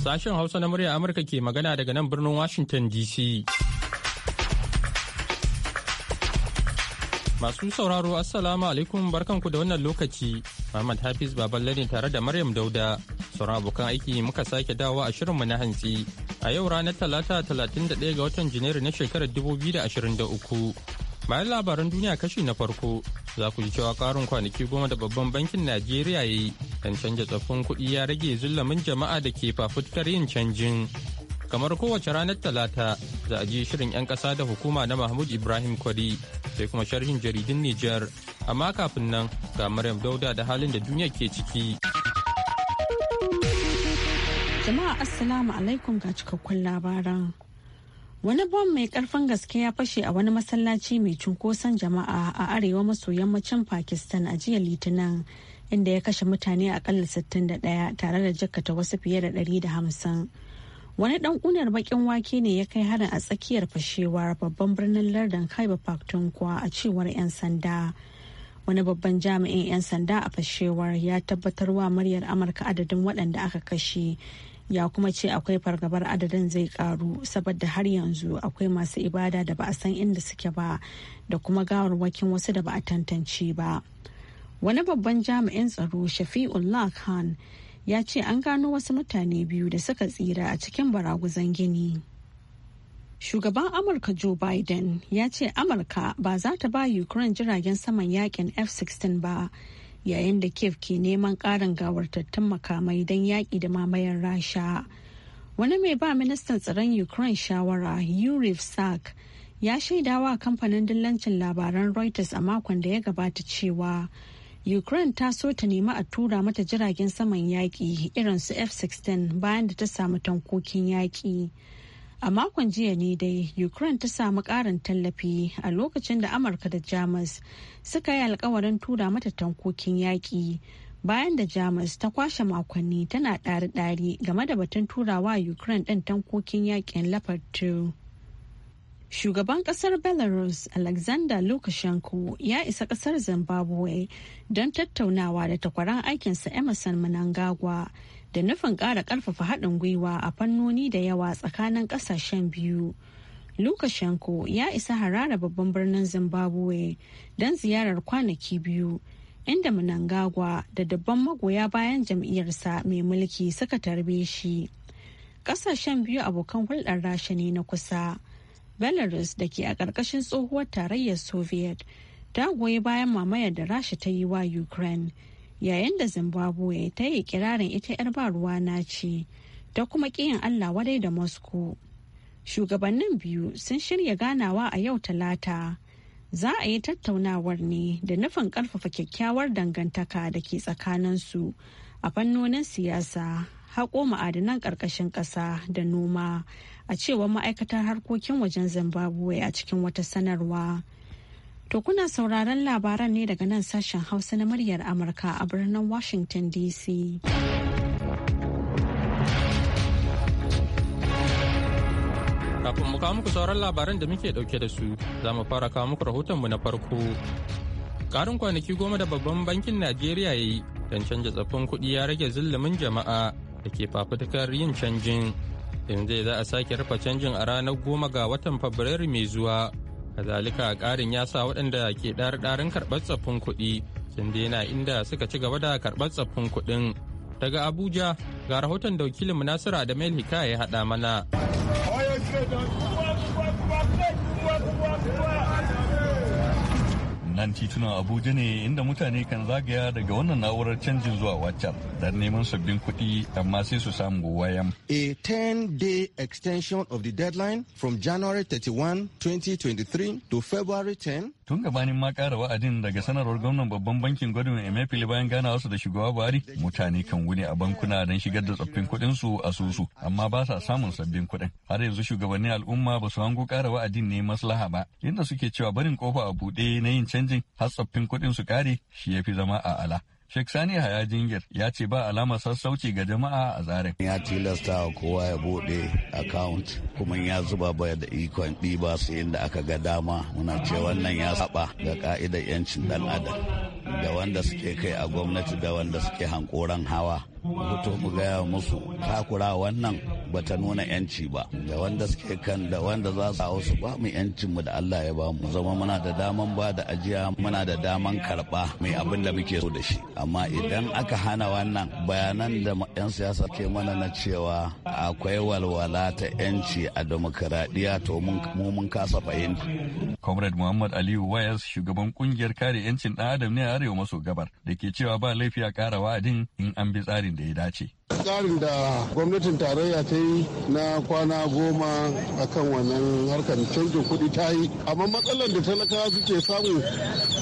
Sashen Hausa na murya Amurka ke magana daga nan birnin Washington DC. Masu sauraro, Assalamu alaikum barkanku da wannan lokaci. Muhammad Hafiz Baballe ne tare da Maryam Dauda. Sauran abokan aiki muka sake dawowa a shirinmu na hantsi. A yau ranar Talata 31 ga watan Janairu na shekarar 2023. Bayan labaran duniya kashi na farko, za ku ji cewa karin kwanaki goma da babban bankin Najeriya ya yi, dan canja tsaffin kuɗi ya rage zulumin jama'a da ke fafutukar yin canjin. kamar kowace ranar talata za a ji shirin 'yan kasa da hukuma na mahmud ibrahim kwari sai kuma sharhin jaridun nijar amma kafin nan ga maryam dauda da halin da duniya ke ciki jama'a assalamu alaikum ga cikakkun labaran wani bom mai karfin gaske ya fashe a wani masallaci mai cunkoson jama'a a arewa maso yammacin pakistan a jiya litinin inda ya kashe mutane akalla 61 tare da jakkata wasu fiye da 150 wani dan kunar bakin wake ne ya kai harin a tsakiyar fashewar babban birnin lardin kaiba kuwa a cewar 'yan sanda wani babban jami'in 'yan sanda a fashewar ya tabbatar wa muryar amurka adadin waɗanda aka kashe ya kuma ce akwai fargabar adadin zai karu saboda har yanzu akwai masu ibada da ba a san inda suke ba da kuma gawarwakin wasu da ba a tantance ba wani babban jami'in tsaro shafi'ullah khan ya ce an gano wasu mutane biyu da suka tsira a cikin baraguzan gini. Shugaban Amurka Joe Biden ya ce Amurka ba za ta ba Ukraine jiragen saman yakin F-16 ba yayin da Kiev ke neman ƙarin gawartattun makamai don yaƙi da mamayar Rasha. Wani mai ba ministan tsaron Ukraine shawara yuriv Sak ya shaidawa kamfanin dillancin labaran Reuters a makon da ya gabata cewa Ukraine ta so ta nemi a tura mata jiragen saman yaƙi irin su F-16 bayan da ta samu tankokin yaƙi. A makon jiya ne dai Ukraine ta samu ƙarin tallafi a lokacin da Amurka da Jamus suka yi alkawarin tura mata tankokin yaƙi bayan da Jamus ta kwashe makonni tana ɗari-ɗari game da batun turawa Ukraine ɗin tankokin yaƙin Leopard Shugaban kasar Belarus Alexander Lukashenko ya isa kasar Zimbabwe don tattaunawa da takwaran aikinsa Emerson Mnangagwa da nufin ƙara ƙarfafa haɗin gwiwa a fannoni da yawa tsakanin ƙasashen biyu. Lukashenko ya isa harara babban birnin Zimbabwe don ziyarar kwanaki biyu inda Mnangagwa da dabban magoya bayan jam'iyyarsa mai mulki suka tarbe shi. Ƙasashen biyu abokan hulɗar rasha ne na kusa. belarus da ke a ƙarƙashin tsohuwar tarayyar soviet ta goyi bayan mamayar da rasha ta yi wa ukraine yayin da zimbabwe ta yi kirarin ita 'yar ba ruwa na ce ta kuma ƙiyan allah wadai da moscow shugabannin biyu sun shirya ganawa a yau talata za a yi tattaunawar ne da nufin ƙarfafa kyakkyawar dangantaka da ke tsakaninsu a fannonin siyasa haƙo ma'adanan ƙarƙashin ƙasa da noma a cewar ma'aikatar harkokin wajen zimbabwe a cikin wata sanarwa to kuna sauraron labaran ne daga nan sashen hausa na muryar amurka a birnin washington dc kafin mu kawo muku sauran labaran da muke dauke da su za mu fara kawo muku rahotonmu na farko karin kwanaki goma da babban bankin najeriya ya yi don canja tsaffin kuɗi ya rage zillumin jama'a da ke fafutukar yin canjin zai za a sake rufe canjin a ranar goma ga watan fabrairu mai zuwa kazalika karin ya sa waɗanda ke ɗarin karɓar tsaffin kuɗi sun daina inda suka ci gaba da karɓar tsaffin kuɗin daga abuja ga rahoton da wakilin nasiru mail hikaya ya haɗa mana nan titunan abuja ne inda mutane kan zagaya daga wannan na'urar canjin zuwa wacce don neman sabbin kuɗi amma sai su samu wayan. a 10-day extension of the deadline from january 31 2023 to february 10 tun gabanin ma kara wa'adin daga sanarwar gwamnan babban bankin gwadon emefiele bayan gana wasu da shugaba buhari mutane kan wuni a bankuna don shigar da tsoffin kuɗin su a susu amma ba sa samun sabbin kudin har yanzu shugabannin al'umma ba su hango kara wa'adin ne maslaha ba inda suke cewa barin kofa a buɗe na yin canji canjin har tsoffin kuɗin su ƙare shi ya fi zama a ala. Sheikh Sani Haya Jingir ya ce ba alama sassauci ga jama'a a tsarin. Ya tilasta wa kowa ya buɗe akawunt kuma ya zuba baya da ikon ɗiba su inda aka ga dama muna ce wannan ya saba ga ka'idar 'yancin ɗan adam da wanda suke kai a gwamnati da wanda suke hankoran hawa mutu ku gaya musu takura wannan bata nuna yanci ba da wanda suke kan da wanda za su hausu ba mu yancin mu da Allah ya ba mu zama muna da daman ba da ajiya muna da daman karba mai abin da muke so da shi amma idan aka hana wannan bayanan da yan siyasa ke mana na cewa akwai walwala ta yanci a demokaradiyya to mu mun kasa fahimta comrade muhammad aliyu wayas shugaban kungiyar kare yancin dan adam ne a arewa maso gabar da ke cewa ba laifi a kara wa'adin in an bi tsari tsarin da ya dace tsarin da gwamnatin tarayya ta yi na kwana goma a kan wannan harkar canjin kuɗi ta yi amma matsalar da talakawa suke samu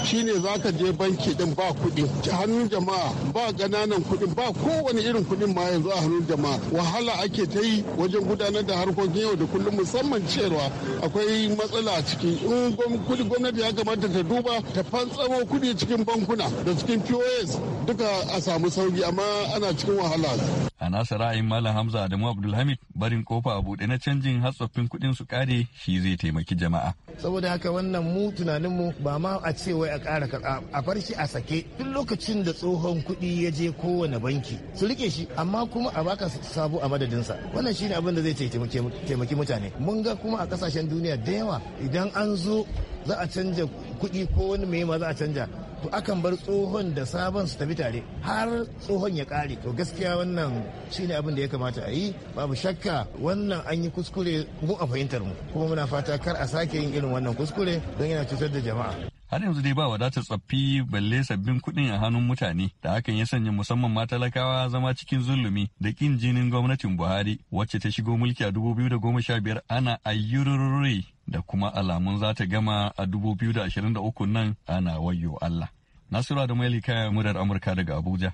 shine za ka je banki din ba kuɗi hannun jama'a ba ƙananan kuɗin ba kowane irin kuɗin ma yanzu a hannun jama'a wahala ake ta yi wajen gudanar da harkokin yau da kullum musamman cewa akwai matsala a ciki in gwamnati ya kamata ta duba ta fantsamo kuɗi cikin bankuna da cikin pos duka a samu sauki amma ana cikin wahala A nasa ra'ayin Malam Hamza Adamu Abdulhamid barin kofa a buɗe na canjin hatsoffin kuɗin su kare shi zai taimaki jama'a. Saboda haka wannan mu tunaninmu ba ma a ce wai a ƙara a bar shi a sake duk lokacin da tsohon kuɗi ya je kowane banki su rike shi amma kuma a baka sabo a madadinsa wannan shine abin da zai taimaki mutane. Mun ga kuma a kasashen duniya da yawa idan an zo za a canja kuɗi ko wani mai ma za a canja to akan bar tsohon da sabon su tafi tare har tsohon ya kare to gaskiya wannan shine abin da ya kamata a yi babu shakka wannan an yi kuskure mu a fahimtar mu kuma muna fata kar a sake yin irin wannan kuskure don yana cutar da jama'a har yanzu dai ba wadatar tsaffi balle sabbin kuɗin a hannun mutane da hakan ya sanya musamman ma talakawa zama cikin zulumi da kin jinin gwamnatin buhari wacce ta shigo mulki a 2015 ana ayyurururi da kuma alamun za ta gama a 2023 nan ana wayo Allah. Nasiru da Maili kayan murar Amurka daga Abuja,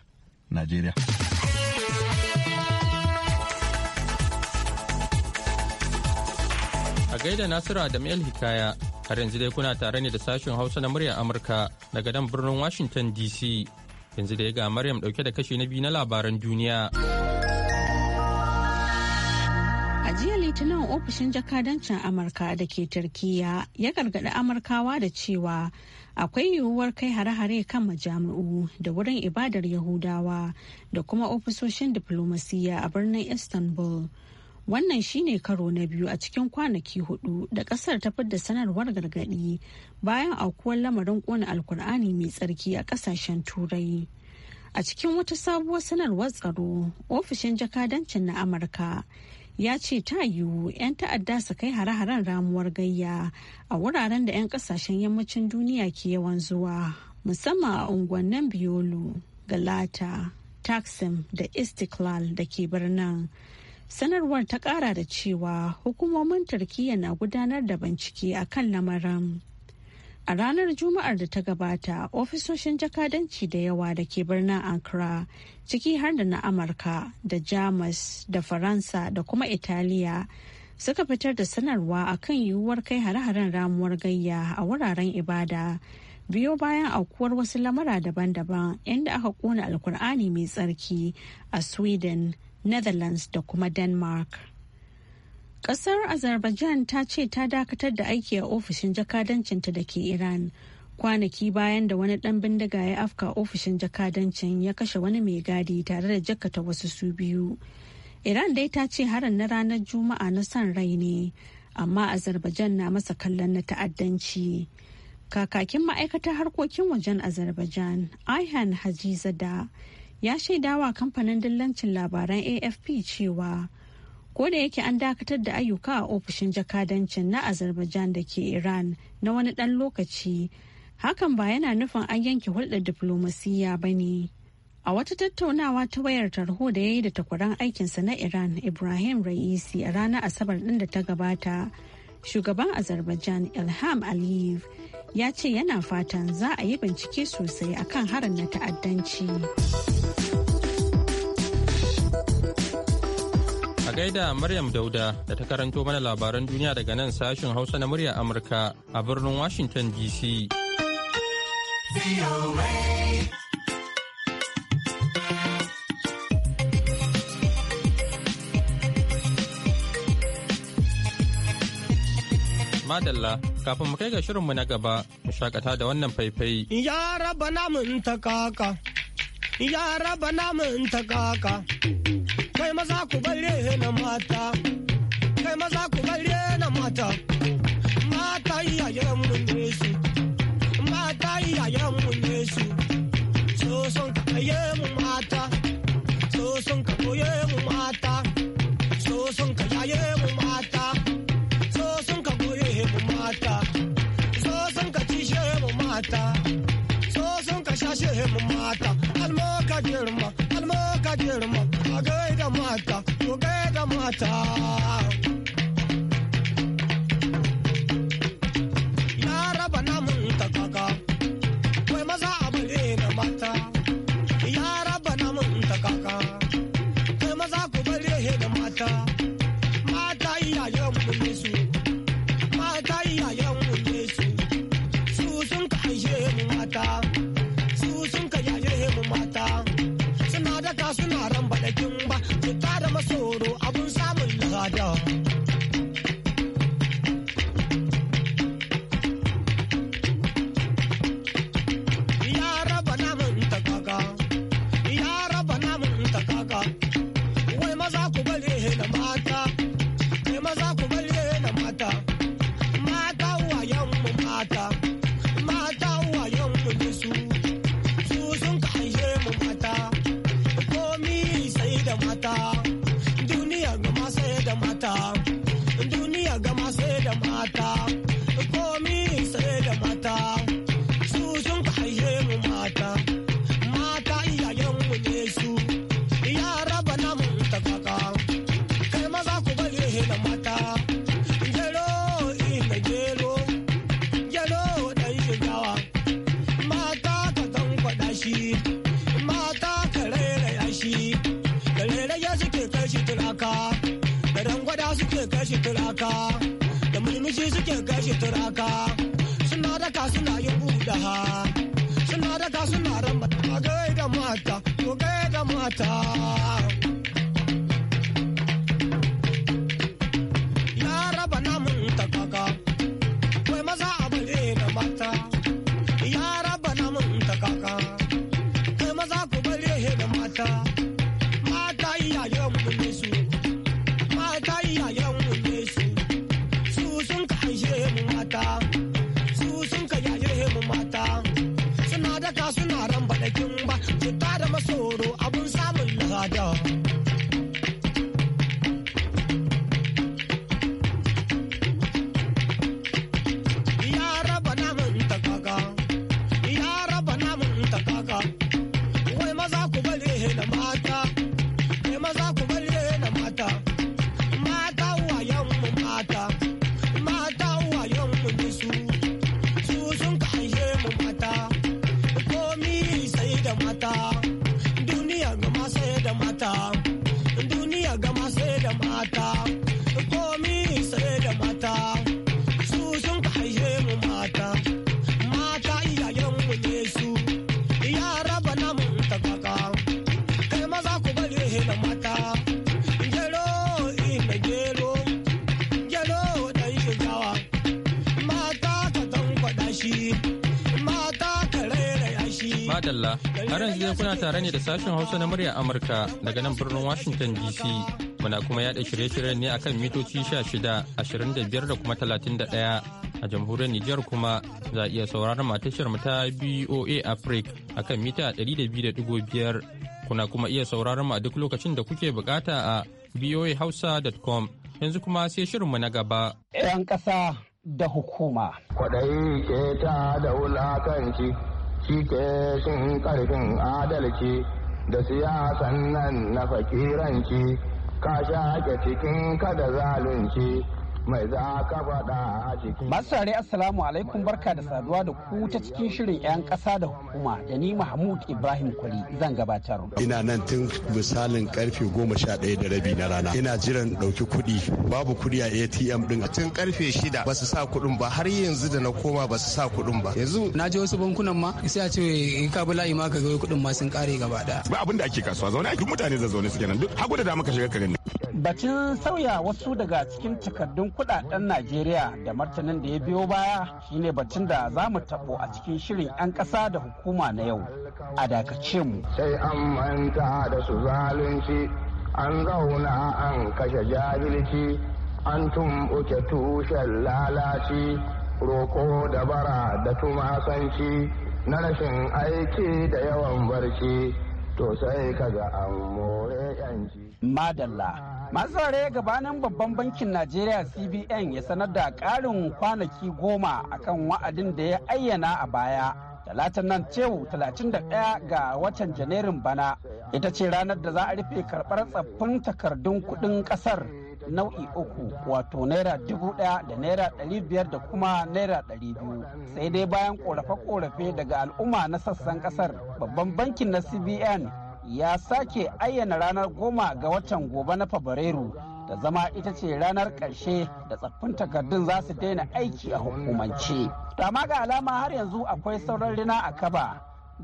Najeriya. A gaida Nasiru da Maili Hikaya, har yanzu dai kuna tare ne da sashen Hausa na muryar Amurka daga dan birnin Washington DC. Yanzu da ya ga Maryam dauke da kashi na biyu na labaran duniya. jiya Litinin ofishin jakadancin Amurka da ke Turkiyya ya gargaɗi Amurkawa da cewa akwai yiwuwar kai hare-hare kan majami'u da wurin ibadar Yahudawa da kuma ofisoshin diflomasiyya a birnin Istanbul. Wannan shine karo na biyu a cikin kwanaki hudu da kasar ta fidda sanarwar gargaɗi bayan aukuwar lamarin kona alkur'ani mai tsarki a ƙasashen turai. A cikin wata sabuwar sanarwar tsaro, ofishin jakadancin na Amurka ya ce ta yiwu 'yan ta'adda su kai hare-haren ramuwar gayya a wuraren da 'yan kasashen yammacin duniya ke yawan zuwa musamman a unguwannin biolu galata taksim da istiklal da ke birnin sanarwar ta kara da cewa hukumomin turkiyya na gudanar da bincike akan kan lamarin A ranar Juma'ar da ta gabata, ofisoshin jakadanci da yawa da ke birnin Ankara, ciki har da na Amurka, da Jamus, da Faransa, da kuma Italiya, suka fitar da sanarwa a kan yiwuwar kai hare-haren ramuwar gayya a wuraren ibada. Biyo bayan aukuwar wasu lamura daban-daban inda aka kona alkur'ani mai tsarki a Sweden, Netherlands da kuma Denmark. Kasar Azerbaijan ta ce ta dakatar da aiki a ofishin jakadancinta da ke Iran kwanaki bayan da wani ɗan bindiga ya afka ofishin jakadancin ya kashe wani mai gadi tare da jakata wasu su biyu. Iran dai ta ce harin na ranar Juma'a na son rai ne, amma Azerbaijan na masa kallon na ta'addanci. Kakakin ma'aikatar harkokin wajen Azerbaijan, Ayhan Hajizada, ya shaidawa kamfanin dillancin labaran AFP cewa ko da yake an dakatar da ayyuka a ofishin jakadancin na azerbaijan da ke iran na wani dan lokaci hakan ba yana nufin an yanke hulɗar diflomasiyya ba ne a wata tattaunawa ta wayar tarho da ya yi da takwaran aikinsa na iran ibrahim ra'isi a ranar asabar ɗin da ta gabata shugaban azerbaijan ilham aliyev ya ce yana fatan za a yi bincike sosai akan harin na ta'addanci. Ka gaida Maryam Dauda da ta karanto mana labaran duniya daga nan sashen Hausa na murya Amurka a birnin Washington DC. Madalla kafin mu kai ga shirin mu na gaba mu shakata da wannan faifai. Ya raba namun ta kaka, ya raba namun ta kaka. kai maza ku bare na mata kai maza ku bare na mata mata iyayen mu ne su mata iyayen mu ne matter. kashe turaka da mulmushi suke kashe turaka suna daka suna yin budaha suna daka suna ramba ga da mata to ga da mata hela mata Har yanzu kuna tare ne da sashen Hausa na murya Amurka daga nan birnin Washington DC. Muna kuma yada shirye-shiryen ne akan mitoci 16, 25 da kuma 31 a jamhuriyar Nijar kuma za a iya sauraron mu ta BOA Africa akan mita 200.5 kuna kuma iya sauraron mu a duk lokacin da kuke bukata a boahausa.com yanzu kuma sai mu na gaba. 'Yan ƙasa da hukuma. Kwaɗayi ke ta da wulakanci shi sun cin adalci da siyasan nan na fakiranci ka shaƙe cikin kada zalunci mai za ka faɗa a cikin masu tare assalamu alaikum barka da saduwa da ku ta cikin shirin 'yan ƙasa da hukuma da ni mahmud ibrahim kwari zan gabatar ina nan tun misalin karfe goma sha ɗaya da rabi na rana ina jiran ɗauki kuɗi babu kuɗi a atm ɗin tun karfe shida ba su sa kuɗin ba har yanzu da na koma ba su sa kuɗin ba yanzu na je wasu bankunan ma sai a ce ka bi layi ma ka ga kuɗin ma sun ƙare gaba ɗaya ba abin da ake kasuwa zaune ake mutane da zaune suke nan duk hagu da dama ka shiga ka gani batun sauya wasu daga cikin takardun kudaden Najeriya da martanin da ya biyo baya shine batun da za mu tabo a cikin shirin 'yan ƙasa da hukuma na yau. A dakace mu. Sai an manta da su zalunci, an zauna an kashe jahilci, an tumɓuke tushen lalaci, roko da bara da tumasanci, na rashin aiki da yawan barci, to sai kaga an more yanci. Madalla. masu ware gabanin babban bankin najeriya cbn ya sanar da karin kwanaki goma akan wa'adin da ya ayyana a baya Talatin nan cewu 31 ga watan janairun bana ita ce ranar da za a rufe karɓar tsaffin takardun kuɗin ƙasar nau'i uku wato naira dubu ɗaya da naira ɗari biyar da kuma naira ɗari biyu sai dai bayan ƙorafe korafe daga al'umma na sassan ƙasar babban bankin na cbn ya sake ayyana ranar goma ga watan gobe na fabrairu da zama ita ce ranar ƙarshe da tsaffin takardun za su daina aiki a hukumance. To ga alama har yanzu akwai sauran rina a kaba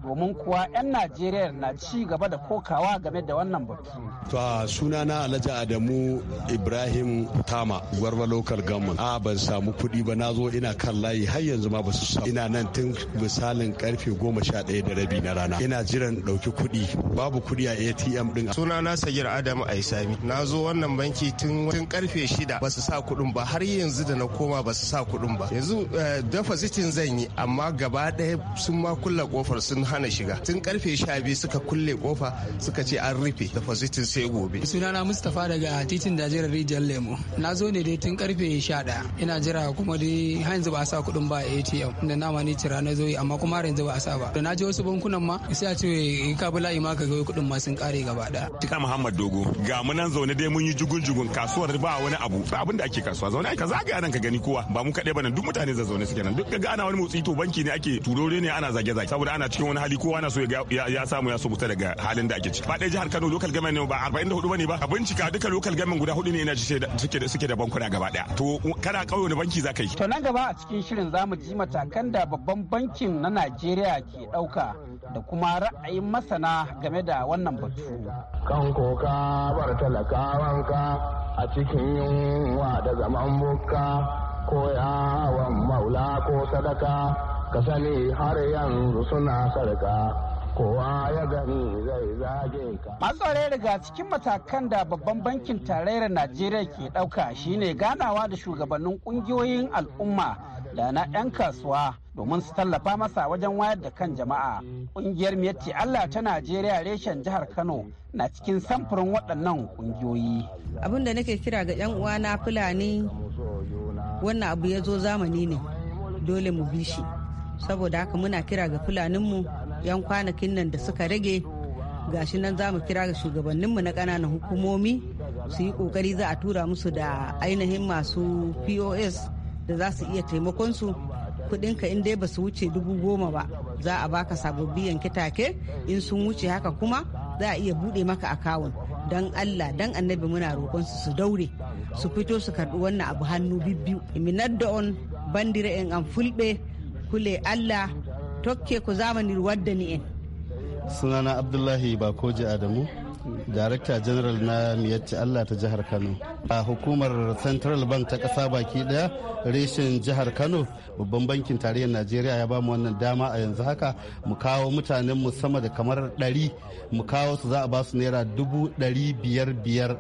domin kuwa 'yan najeriya na ci gaba da kokawa game da wannan batu. to na alhaji adamu ibrahim tama gwarwa lokal government a ban samu kuɗi ba na zo ina kan layi har yanzu ma ba su samu ina nan tun misalin karfe goma sha ɗaya da rabi na rana ina jiran ɗauki kuɗi babu kuɗi a atm ɗin sunana sagir adamu aisami na zo wannan banki tun karfe shida ba su sa kuɗin ba har yanzu da na koma ba su sa kuɗin ba yanzu eh, dafa zan yi amma gaba ɗaya sun ma kulla kofar sun hana shiga tun karfe sha biyu suka kulle kofa suka ce an rufe da fasitin sai gobe sunana mustapha daga titin dajerar rijiyar lemo na zo ne dai tun karfe sha daya ina jira kuma dai har yanzu ba a sa kuɗin ba a atm da nama ni cira na zo yi amma kuma har yanzu ba a sa ba da na je wasu bankunan ma sai a ce ka bi ma ka ga kuɗin ma sun kare gaba daya tika muhammad dogo ga mu nan zaune dai mun yi jugun jugun kasuwar ba wani abu ba abin da ake kasuwa zaune ka zagaya nan ka gani kowa ba mu kaɗai ba nan duk mutane za zaune suke nan duk ga ana wani motsi to banki ne ake turore ne ana zage zage saboda ana cikin wani hali kowa na so ya samu ya so daga halin da ake ci ɗaya jihar Kano local government ne ba da bane ba a bincika duka local government guda hudu ne ina suke da bankuna gaba daya to kana kauye wani banki za ka yi to nan gaba a cikin shirin zamu ji matakan da babban bankin na Najeriya ke ɗauka da kuma ra'ayin masana game da wannan batu kan koka bar talakawanka a cikin yunwa da zaman bukka ko yawon maula ko sadaka ka sani har yanzu suna sarka kowa ya gani zai zage ka. Matsare daga cikin matakan da babban bankin tarayyar Najeriya ke dauka shine ganawa da shugabannin kungiyoyin al'umma da na 'yan kasuwa domin su tallafa masa wajen wayar da kan jama'a. kungiyar Miyatti Allah ta Najeriya reshen jihar Kano na cikin samfurin waɗannan kungiyoyi. Abin da nake kira ga 'yan uwana Fulani wannan abu ya zo zamani ne dole mu bi shi. saboda haka muna kira ga fulaninmu 'yan kwanakin nan da suka rage gashi nan za mu kira ga shugabanninmu na kananan hukumomi su yi ƙoƙari za a tura musu da ainihin masu pos da za su iya taimakonsu kuɗinka in dai ba su wuce dubu goma ba za a baka sababbi yanke take in sun wuce haka kuma za a iya buɗe maka akawun don allah don annabi muna roƙonsu su daure su fito su karɓi wannan abu hannu bibbiyu minadda on bandira in an fulɓe kule allah tokke ko zamani da ni'en sunana abdullahi bakoji adamu darakta general na miyarci allah ta jihar kano a hukumar central bank ta kasa baki daya reshen jihar kano babban bankin tarayyar najeriya ya bamu wannan dama a yanzu haka mu kawo mutanen mu sama da kamar dari mu kawo su za a basu naira dubu dari biyar biyar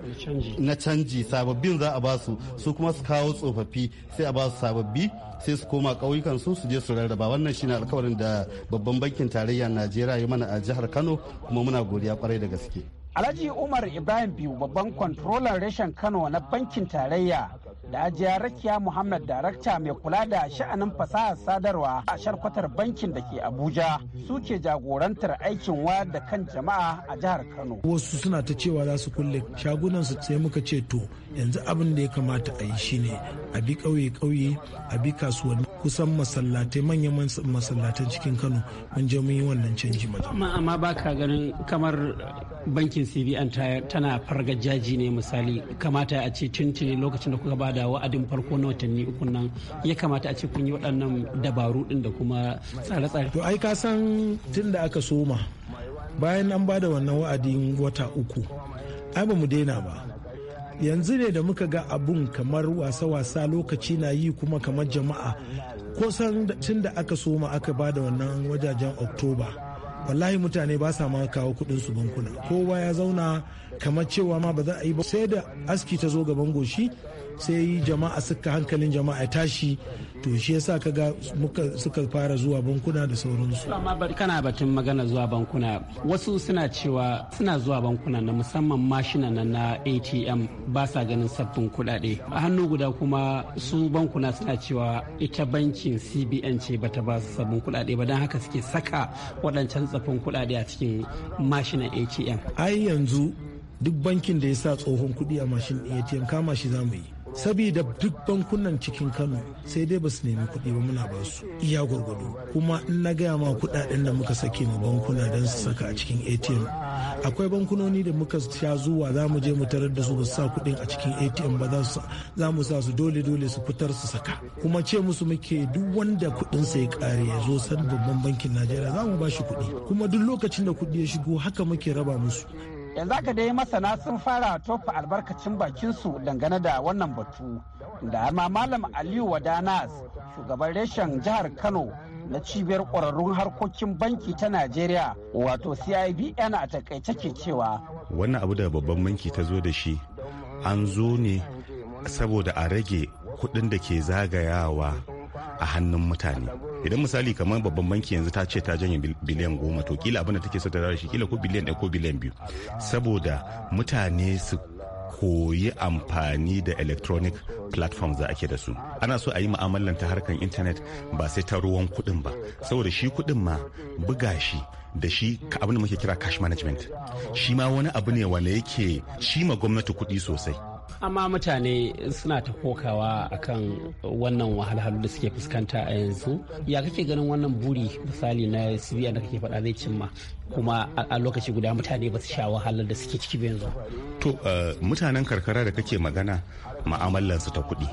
na canji sababbin za a basu su kuma su kawo tsofaffi sai a basu sababbi sai su koma ƙauyukan su su je su rarraba wannan shine alkawarin da babban bankin tarayyar najeriya ya mana a jihar kano kuma muna godiya kwarai da gaske Alhaji Umar Ibrahim Biyu babban kwantrolan reshen Kano na bankin tarayya da ajiya Rakiya Muhammad darakta mai kula da sha'anin fasahar sadarwa a sharkwatar bankin da ke Abuja suke jagorantar aikin wayar da kan jama'a a jihar Kano. Wasu suna ta cewa za su kulle shagunan su sai muka ce to yanzu abin da ya kamata a yi shine a bi ƙauye-ƙauye a bi kasuwanni kusan masallatai manyan masallatan cikin Kano mun je mun yi wannan canji. Amma ba ka ganin kamar bankin ncbn tana jaji ne misali kamata a ce tuntuni lokacin da kuka bada wa'adin farko na watanni uku nan ya kamata a ce kun yi waɗannan dabaru ɗin da kuma tsare-tsare to ai ka san tun da aka soma bayan an bada wannan wa'adin wata uku ai ba mu daina ba yanzu ne da muka ga abun kamar wasa-wasa lokaci na yi kuma kamar jama'a kusan tun da aka soma aka bada wannan wajajen oktoba wallahi mutane ba sa ma kawo kuɗin su bankuna kowa ya zauna kamar cewa ma ba za a yi ba sai da aski ta zo gaban goshi sai jama'a suka hankalin jama'a ya tashi to shi yasa kaga muka suka fara zuwa bankuna da sauransu amma kana batun magana zuwa bankuna wasu suna cewa suna zuwa bankuna na musamman mashina na ATM ba sa ganin sabbin kuɗaɗe a hannu guda kuma su bankuna suna cewa ita bankin CBN ce bata ba su sabbin kuɗaɗe ba don haka suke saka waɗancan tsafin kuɗaɗe a cikin mashinan ATM ai yanzu duk bankin da ya sa tsohon kuɗi a mashin atm kama shi za mu yi sabida duk bankunan cikin kano sai dai ba su nemi kuɗi ba muna ba su iya gwargwado kuma in na gaya ma kuɗaɗen da muka sake ma bankuna don su saka a cikin atm akwai bankunoni da muka sha zuwa za mu je mu tarar da su ba su sa kuɗin a cikin atm ba za su mu sa su dole dole su fitar su saka kuma ce musu muke duk wanda kuɗin sai ya kare ya zo san babban bankin najeriya za mu ba shi kuɗi kuma duk lokacin da kuɗi ya shigo haka muke raba musu yanzu haka dai masana sun fara tofa albarkacin bakinsu dangane da wannan batu da har ma malam aliyu wadanas shugaban reshen jihar kano na cibiyar ƙwararrun harkokin banki ta najeriya wato cibn a takaice ke cewa wannan abu da babban banki ta zo da shi an zo ne saboda a rage kuɗin da ke zagayawa a hannun mutane idan misali kamar babban banki yanzu ta ce ta janye biliyan goma to kila abin da take so ta shi kila ko biliyan ɗaya ko biliyan biyu saboda mutane su koyi amfani da electronic platforms da ake da su ana so a yi mu'amalan ta harkar intanet ba sai ta ruwan kuɗin ba saboda shi kuɗin ma buga shi da shi abin da muke kira cash management shi ma wani abu ne wanda yake shi ma gwamnati kuɗi sosai amma mutane suna ta kokawa kan wannan wahalhalu da suke fuskanta a yanzu ya kake ganin wannan buri misali na cbn da kake faɗa zai cimma kuma a lokaci guda mutane ba su sha wahalar da suke ciki ba yanzu. To uh, mutanen karkara da kake magana ma'amalar su ta kuɗi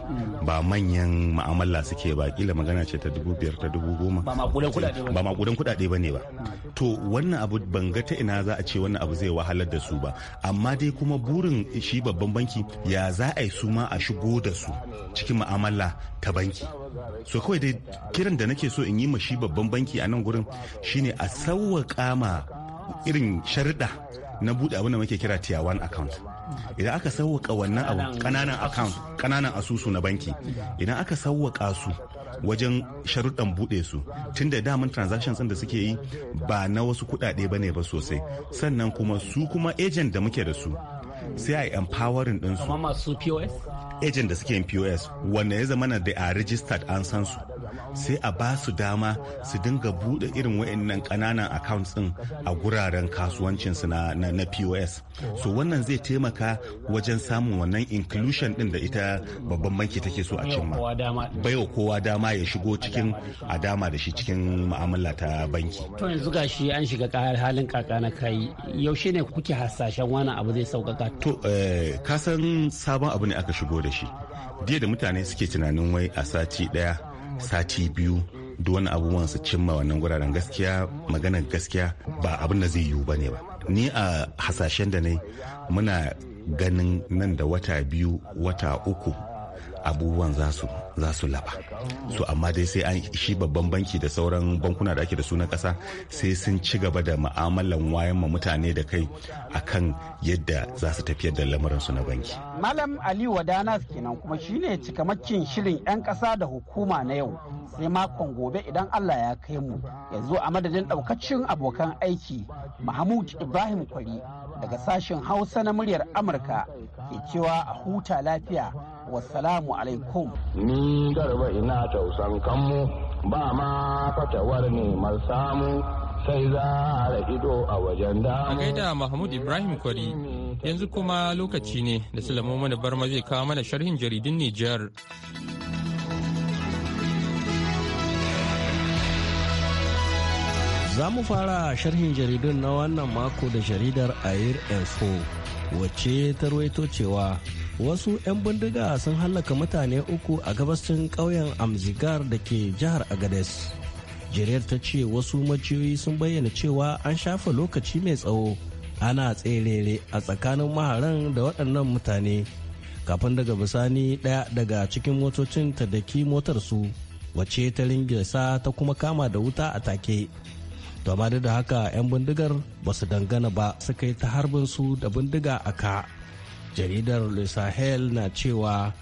ba manyan ma'amala suke ba kila magana ce ta dubu biyar ta dubu goma ba makudan kuɗaɗe ba ne ba to wannan abu ban ga ta ina za a ce wannan abu zai wahalar da su ba amma dai kuma burin shi babban banki ya za a yi su ma a shigo da su cikin ma'amala ta banki so kawai dai kiran da nake so in yi ma shi babban banki a nan gurin shine a sauwaƙa ma irin sharida na bude abin da muke kira tier one account idan aka sauwaka wannan abu kananan account kananan asusu na banki idan aka sauwaka su wajen sharuɗan buɗe su tun da daman transactions da suke yi ba na wasu kuɗaɗe ba ne ba sosai sannan kuma su kuma agent da muke da su sai a yi empowering ɗinsu agent da suke yin pos wanda ya zama na da a registered an san su sai a ba su dama su dinga bude irin wa'annan kananan accounts din a guraren kasuwancinsu na, na, na pos so wannan zai taimaka wajen samun wannan inclusion din da ita babban banki take so a cimma baiwa kowa dama ya shigo cikin a dama da shi cikin mu'amala ta banki to yanzu gashi an shiga halin kaka na kai yaushe ne kuke hasashen wani abu zai sauƙaƙa to eh, kasan sabon abu ne aka shigo da shi jiya da mutane suke tunanin wai a sati ɗaya sati biyu duk wani abubuwan su cimma wannan guraren gaskiya maganar gaskiya ba abin da zai yiwu ba ne ba ni a hasashen da ne muna ganin nan da wata biyu wata uku abubuwan za su laba so amma dai sai an shi babban banki da sauran bankuna da ake da su na kasa sai sun ci gaba da ma'amalan wayan ma mutane da kai akan yadda za su tafiyar da su na banki malam ali wadanas kenan kuma shine cikamakin shirin 'yan kasa da hukuma na yau sai makon gobe idan allah ya kai mu yanzu a madadin daukacin abokan aiki mahmud ibrahim kwari daga sashen hausa na muryar amurka ke cewa a huta lafiya wasalamu alaikum ni garba ina tausan kanmu ba ma fatawar neman samu sai za a ido a wajen damu a gaida mahmud ibrahim kwari yanzu kuma lokaci ne da sulamu mana barma zai kawo mana sharhin jaridun nijar Za mu fara sharhin jaridun na wannan mako da jaridar Air Info wacce ta ruwaito cewa wasu 'yan bindiga sun hallaka mutane uku a gabashin ƙauyen amzigar da ke jihar agades jiriyar ta ce wasu maciyoyi sun bayyana cewa an shafa lokaci mai tsawo ana tserere a tsakanin maharan da waɗannan mutane kafin daga bisani ɗaya daga cikin motocin ta daki motar su wacce ta ringesa ta kuma kama da wuta a take to da haka 'yan bindigar ba su dangana ba suka yi ta harbin su da bindiga a ka jaridar le na cewa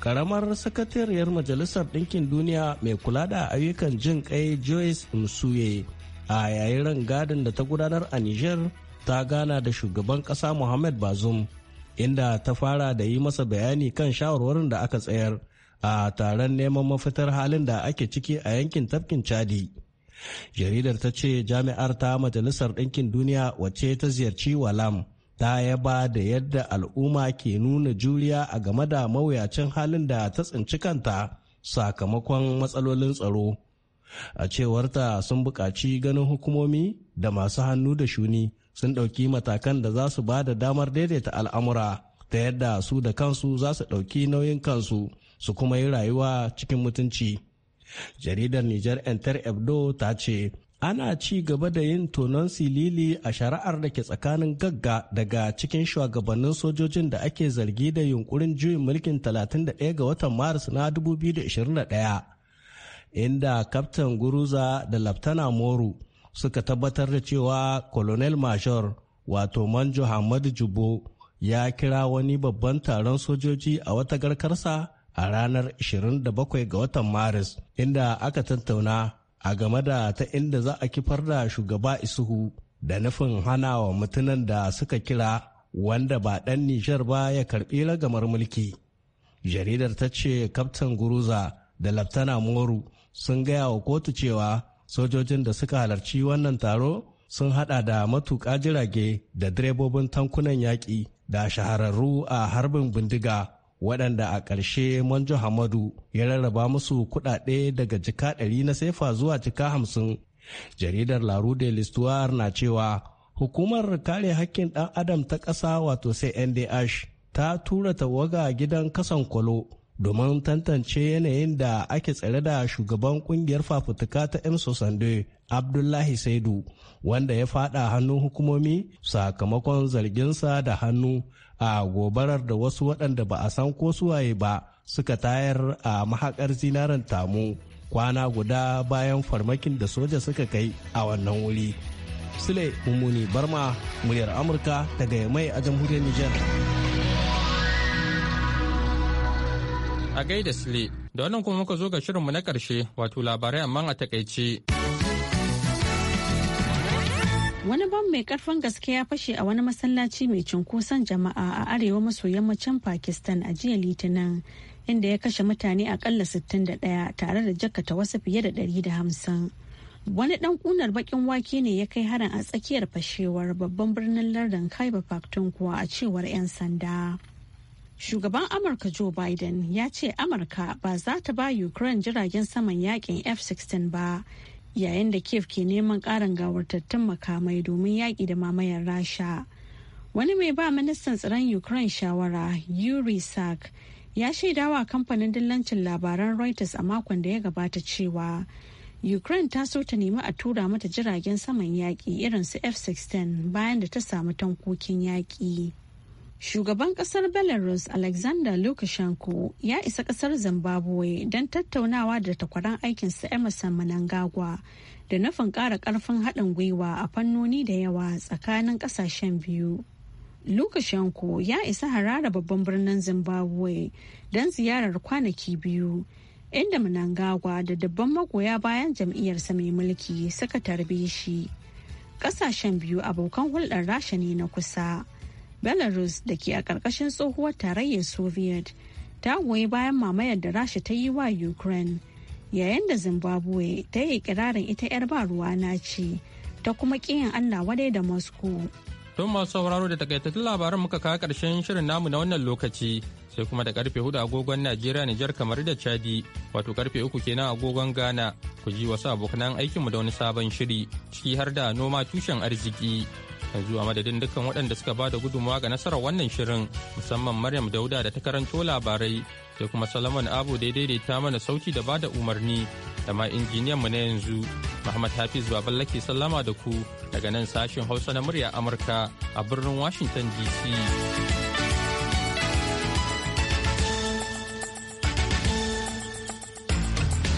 karamar sakatariyar majalisar ɗinkin duniya mai kula da ayyukan jin kai joyce musuye a yayin rangadin da ta gudanar a niger ta gana da shugaban ƙasa muhammad bazum inda ta fara da yi masa bayani kan shawarwarin da aka tsayar a taron neman mafitar halin da ake ciki a yankin tafkin chadi jaridar ta ce jami'ar ta majalisar ɗinkin duniya wacce ta ziyarci walam ta yaba da yadda al'umma ke nuna juriya a game da mawuyacin halin da ta tsinci kanta sakamakon matsalolin tsaro a cewarta sun buƙaci ganin hukumomi da masu hannu da shuni sun ɗauki matakan da za su ba da damar daidaita al'amura ta yadda su da kansu za su ɗauki nauyin kansu su kuma yi rayuwa cikin mutunci jaridar niger enter ebdo ta ce ana ci gaba da yin tonon silili a shari'ar da ke tsakanin gagga daga cikin shugabannin sojojin da ake zargi da yunkurin juyin mulkin 31 ga watan maris na 2021 inda kaftan guruza da laftana moru suka tabbatar da cewa colonel major wato manjo hamad jubo ya kira wani babban taron sojoji a wata garkarsa a ranar 27 ga watan maris inda aka tattauna a game da ta inda za a kifar da shugaba isuhu da nufin hana wa mutunan da suka kira wanda ba ɗan nijar ba ya karɓi ragamar mulki jaridar ta ce kaftan guruza da laftana moru sun gaya wa kotu cewa sojojin da suka halarci wannan taro sun hada da matuƙa jirage da direbobin tankunan yaƙi da shahararru a harbin bindiga waɗanda a ƙarshe manjo hamadu ya rarraba musu kuɗaɗe daga jika ɗari na sefa zuwa jika hamsin jaridar de listuar na cewa hukumar kare hakkin ɗan adam ta ƙasa wato cndh ta tura tawaga gidan kasan kwalo domin tantance yanayin da ake tsare da shugaban ƙungiyar fafutuka ta emso sande abdullahi saidu wanda ya fada hannun hukumomi sakamakon zarginsa da hannu a gobarar da wasu waɗanda ba a san ko suwaye ba suka tayar a mahaƙar zinaren tamu kwana guda bayan farmakin da soja suka kai a wannan wuri. Sule Mummuni Barma, muryar Amurka daga mai a jamhuriyar Nijar. A gaida Sule, da wannan kuma muka zo ga shirinmu na ƙarshe wato labarai amma a takaice. wani ban mai karfin gaske ya fashe a wani masallaci mai cunkoson jama'a a arewa maso yammacin pakistan a jiya litinin inda ya kashe mutane akalla 61 tare da jakata wasu fiye da 150 wani dan kunar bakin wake ne ya kai harin a tsakiyar fashewar babban birnin lardin kaiba kuwa a cewar 'yan sanda shugaban amurka joe biden ya ce amurka ba za ta ba ukraine jiragen saman yakin f-16 ba yayin da kiev ke neman ƙarin gawartattun makamai domin yaƙi da mamayar rasha wani mai ba ministan tsaron ukraine shawara yuri sak ya shaidawa kamfanin dillancin labaran reuters a makon da ya gabata cewa Ukraine ta so ta nemi a tura mata jiragen saman yaƙi irin su F-16 bayan da ta samu tankokin yaƙi. Shugaban kasar Belarus Alexander Lukashenko ya isa kasar Zimbabwe don tattaunawa da takwaran aikinsa Emerson Mnangagwa da nufin ƙara ƙarfin haɗin gwiwa a fannoni da yawa tsakanin ƙasashen biyu. Lukashenko ya isa harara babban birnin Zimbabwe don ziyarar kwanaki biyu, inda Mnangagwa da dabban magoya bayan jam'iyyarsa mai mulki suka tarbe shi. Ƙasashen biyu abokan hulɗar rasha ne na kusa. belarus da ke a karkashin tsohuwar tarayyar soviet ta goyi bayan mamayar da rasha ta yi wa ukraine yayin da zimbabwe ta yi ikirarin ita 'yar ba ruwa na ce ta kuma kiyan allah wadai da moscow tun masu sauraro da takaitattun labaran muka kawo karshen shirin namu na wannan lokaci sai kuma da karfe hudu agogon najeriya nijar kamar da chadi wato karfe uku kenan agogon ghana ku ji wasu abokanan aikinmu da wani sabon shiri ciki har da noma tushen arziki yanzu a madadin dukkan waɗanda suka ba da gudunmawa ga nasarar wannan shirin musamman maryam dauda da ta karanto labarai da kuma salaman abu da ya daidaita mana sauki da ba da umarni da ma injiniyanmu na yanzu muhammad hafiz baballake sallama da ku daga nan sashen hausa na murya amurka a birnin washington dc